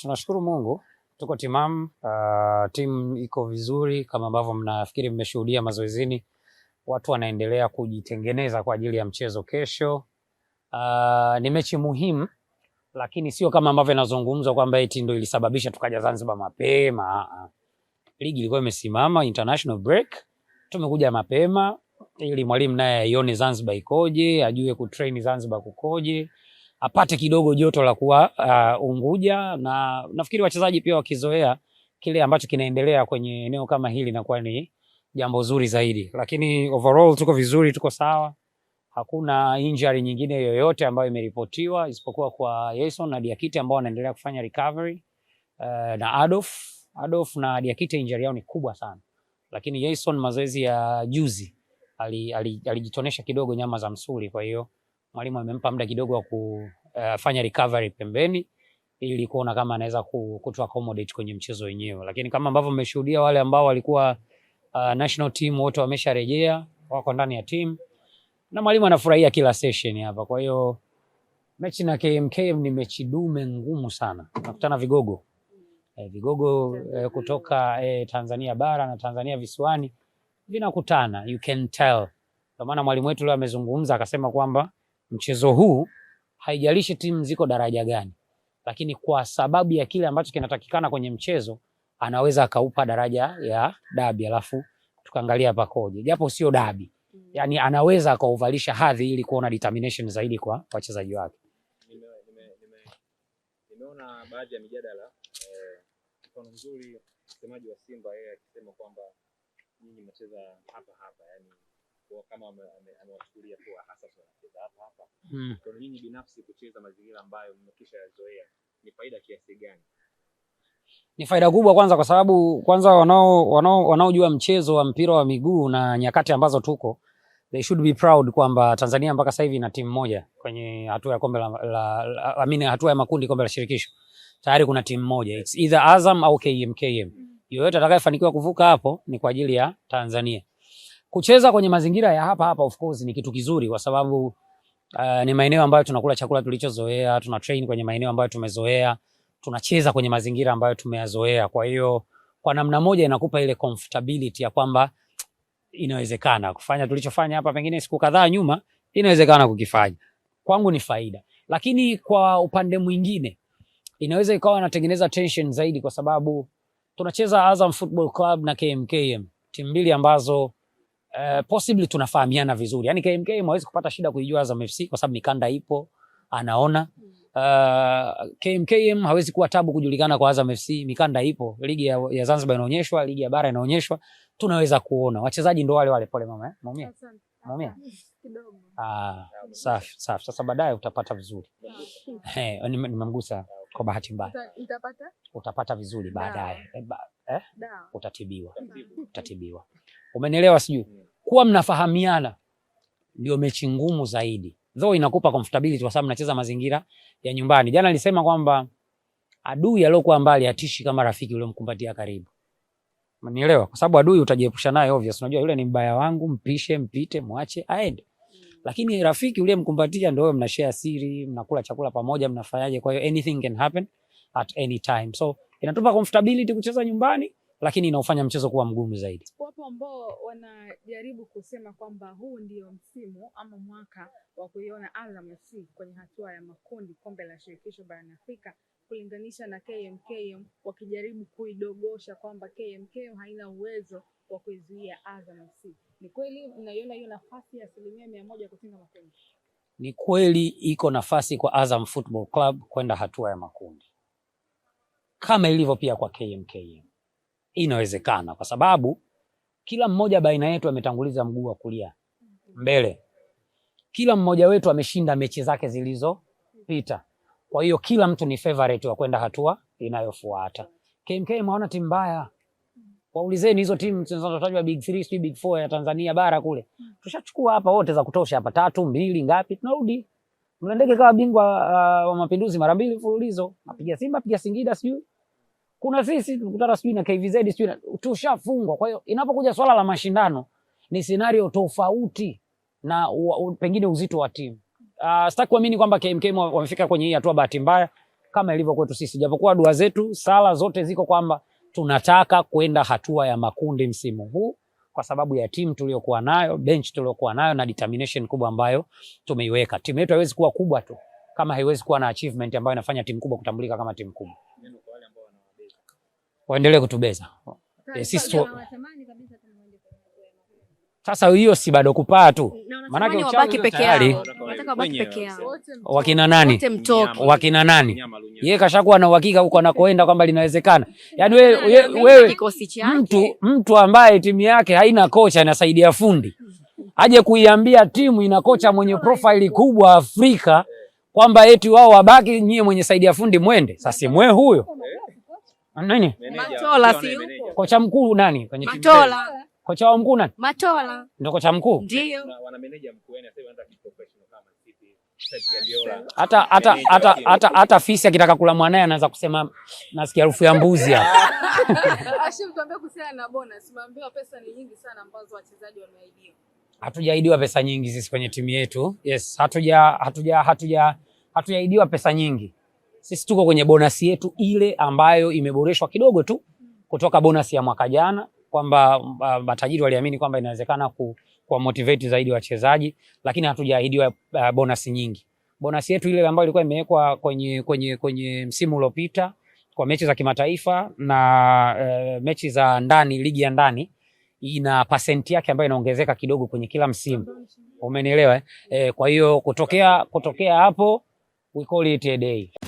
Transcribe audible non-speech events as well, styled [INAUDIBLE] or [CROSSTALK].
Tunashukuru Mungu tuko timamu. Uh, timu iko vizuri kama ambavyo mnafikiri mmeshuhudia mazoezini, watu wanaendelea kujitengeneza kwa ajili ya mchezo kesho. Uh, ni mechi muhimu, lakini sio kama ambavyo inazungumzwa kwamba eti ndio ilisababisha tukaja Zanzibar mapema. Ah, Ligi ilikuwa imesimama international break, tumekuja mapema ili mwalimu naye aione Zanzibar ikoje, ajue kutrain Zanzibar kukoje apate kidogo joto la kuwa uh, Unguja, na nafikiri wachezaji pia wakizoea kile ambacho kinaendelea kwenye eneo kama hili inakuwa ni jambo zuri zaidi, lakini overall tuko vizuri, tuko sawa. Hakuna injury nyingine yoyote ambayo imeripotiwa isipokuwa kwa Jason na Diakite ambao wanaendelea kufanya recovery uh, na Adolf Adolf na Diakite injury yao ni kubwa sana, lakini Jason mazoezi ya juzi alijitonesha ali, ali kidogo nyama za msuli, kwa hiyo mwalimu amempa muda kidogo wa kufanya eh, recovery pembeni ili kuona kama anaweza kutoa accommodate kwenye mchezo wenyewe, lakini kama ambavyo mmeshuhudia wale ambao walikuwa uh, national team wote wamesharejea, wako ndani ya team na mwalimu anafurahia kila session hapa. Kwa hiyo mechi na KMKM ni mechi dume ngumu sana, nakutana vigogo eh, vigogo eh, kutoka eh, Tanzania bara na Tanzania visiwani vinakutana, you can tell. Kwa maana mwalimu wetu leo amezungumza akasema kwamba mchezo huu, haijalishi timu ziko daraja gani, lakini kwa sababu ya kile ambacho kinatakikana kwenye mchezo anaweza akaupa daraja ya dabi, alafu tukaangalia pakoje, japo sio dabi mm. yani, anaweza akauvalisha hadhi ili kuona determination zaidi kwa wachezaji wake. Nimeona baadhi ya mijadala eh, mfano mzuri msemaji wa Simba yeye akisema kwamba nyinyi mnacheza hapa hapa yani kwa kama amewachukulia kuwa hasa tunacheza hapa hapa mm. Kwa nini binafsi kucheza mazingira ambayo mmekisha yazoea ni faida kiasi gani? Ni faida kubwa, kwanza kwa sababu kwanza wanao wanao wanaojua mchezo wa mpira wa miguu na nyakati ambazo tuko they should be proud kwamba Tanzania mpaka sasa hivi ina timu moja kwenye hatua ya kombe la, la, la I mean, hatua ya makundi kombe la shirikisho tayari kuna timu moja, it's either Azam au KMKM. Hmm. Yoyote atakayefanikiwa kuvuka hapo ni kwa ajili ya Tanzania. Kucheza kwenye mazingira ya hapa hapa of course ni kitu kizuri kwa sababu uh, ni maeneo ambayo tunakula chakula tulichozoea, tuna train kwenye maeneo ambayo tumezoea, tunacheza kwenye mazingira ambayo tumeyazoea. Kwa hiyo kwa namna moja inakupa ile comfortability ya kwamba inawezekana kufanya tulichofanya hapa pengine siku kadhaa nyuma, inawezekana kukifanya. Kwangu ni faida, lakini kwa upande mwingine inaweza ikawa inatengeneza tension zaidi, kwa sababu tunacheza Azam Football Club na KMKM, timu mbili ambazo Eh, possibly tunafahamiana vizuri. Yaani KMK hawezi kupata shida kuijua Azam FC kwa sababu mikanda ipo, anaona. Uh, eh, KMKM hawezi kuwa tabu kujulikana kwa Azam FC, mikanda ipo. Ligi ya, ya Zanzibar inaonyeshwa, ligi ya bara inaonyeshwa. Tunaweza kuona. Wachezaji ndo wale wale, pole mama eh. Maumia. Maumia. [LAUGHS] Ah, safi, safi. Sasa baadaye utapata vizuri. [LAUGHS] Eh, nimemgusa kwa bahati mbaya. Utapata? Utapata vizuri baadaye. eh? eh? Utatibiwa. Utatibiwa. Umenielewa sijui? Kuwa mnafahamiana ndio mechi ngumu zaidi. Though inakupa comfortability kwa sababu mnacheza mazingira ya nyumbani. Jana alisema kwamba adui aliyokuwa mbali atishi kama rafiki uliyomkumbatia karibu. Umenielewa? Kwa sababu adui utajiepusha naye obvious. Unajua yule ni mbaya wangu, mpishe, mpite, mwache aende. Lakini rafiki uliyemkumbatia ndio mna share siri, mnakula chakula pamoja, mnafanyaje. Kwa hiyo anything can happen at any time. So inatupa comfortability kucheza nyumbani, lakini inaufanya mchezo kuwa mgumu zaidi ambao wanajaribu kusema kwamba huu ndio msimu ama mwaka wa kuiona Azam FC kwenye hatua ya makundi kombe la shirikisho barani Afrika kulinganisha na KMKM, wakijaribu kuidogosha kwamba KMKM haina uwezo wa kuizuia Azam FC. Ni kweli mnaiona hiyo nafasi ya asilimia mia moja kutinga makundi? Ni kweli iko nafasi kwa Azam Football Club kwenda hatua ya makundi kama ilivyo pia kwa KMKM, inawezekana kwa sababu kila mmoja baina yetu ametanguliza mguu wa kulia mbele. Kila mmoja wetu ameshinda mechi zake zilizopita, kwa hiyo kila mtu ni favorite wa kwenda hatua inayofuata. KMK maona timu mbaya, waulizeni hizo timu zinazotajwa big 3 si big 4 ya Tanzania bara kule, tushachukua hapa wote za kutosha hapa, tatu mbili ngapi, tunarudi Mlandege kawa bingwa uh, wa mapinduzi mara mbili mfululizo, napiga Simba piga Singida sijui kuna sisi tukutana sijui na KVZ sijui na tushafungwa. Kwa hiyo inapokuja swala la mashindano ni scenario tofauti na u, u, pengine uzito wa timu. Uh, sitaki kuamini kwamba KMK wamefika kwenye hii hatua bahati mbaya kama ilivyo kwetu sisi, japokuwa dua zetu sala zote ziko kwamba tunataka kwenda hatua ya makundi msimu huu kwa sababu ya timu tuliyokuwa nayo, bench tuliyokuwa nayo na determination kubwa ambayo tumeiweka. Timu yetu haiwezi kuwa kubwa tu kama haiwezi kuwa na achievement ambayo inafanya timu kubwa kutambulika kama timu kubwa waendelee kutubeza eh, sasa. Hiyo si bado kupaa tu, maanake wabaki peke yao, wakina nani, wakina nani, yeye kashakuwa na uhakika huko anakoenda kwamba linawezekana. Yani wewe mtu, mtu ambaye timu yake haina kocha inasaidia fundi aje kuiambia timu ina kocha mwenye profaili kubwa Afrika kwamba eti wao wabaki, nyie mwenye saidia fundi mwende, sasa mwe huyo nini? Matola si yupo. Kocha mkuu nani kwenye timu? Matola. Kocha wa mkuu nani? Matola. Ndio kocha mkuu? Ndio. Wana meneja mkuu yani sasa anaanza kiprofessional kama City. Pep Hata hata hata hata hata fisi akitaka kula mwanae anaanza kusema nasikia harufu ya mbuzi hapa. [LAUGHS] Ashim tuambie kuhusiana na bonus. Maambiwa pesa ni nyingi sana ambazo wachezaji wameahidiwa. Hatujaahidiwa pesa nyingi sisi kwenye timu yetu. Yes, hatuja hatuja hatuja hatujaahidiwa pesa nyingi. Sisi tuko kwenye bonasi yetu ile ambayo imeboreshwa kidogo tu kutoka bonasi ya mwaka jana, kwamba uh, matajiri waliamini kwamba inawezekana ku, kwa motivate zaidi wachezaji, lakini hatujaahidiwa uh, bonasi nyingi. Bonasi yetu ile ambayo ilikuwa imewekwa kwenye, kwenye, kwenye msimu uliopita kwa mechi za kimataifa na uh, mechi za ndani, ligi ya ndani ina pasenti yake ambayo inaongezeka kidogo kwenye kila msimu, umenielewa eh? eh kwa hiyo kutokea kutokea hapo we call it a day.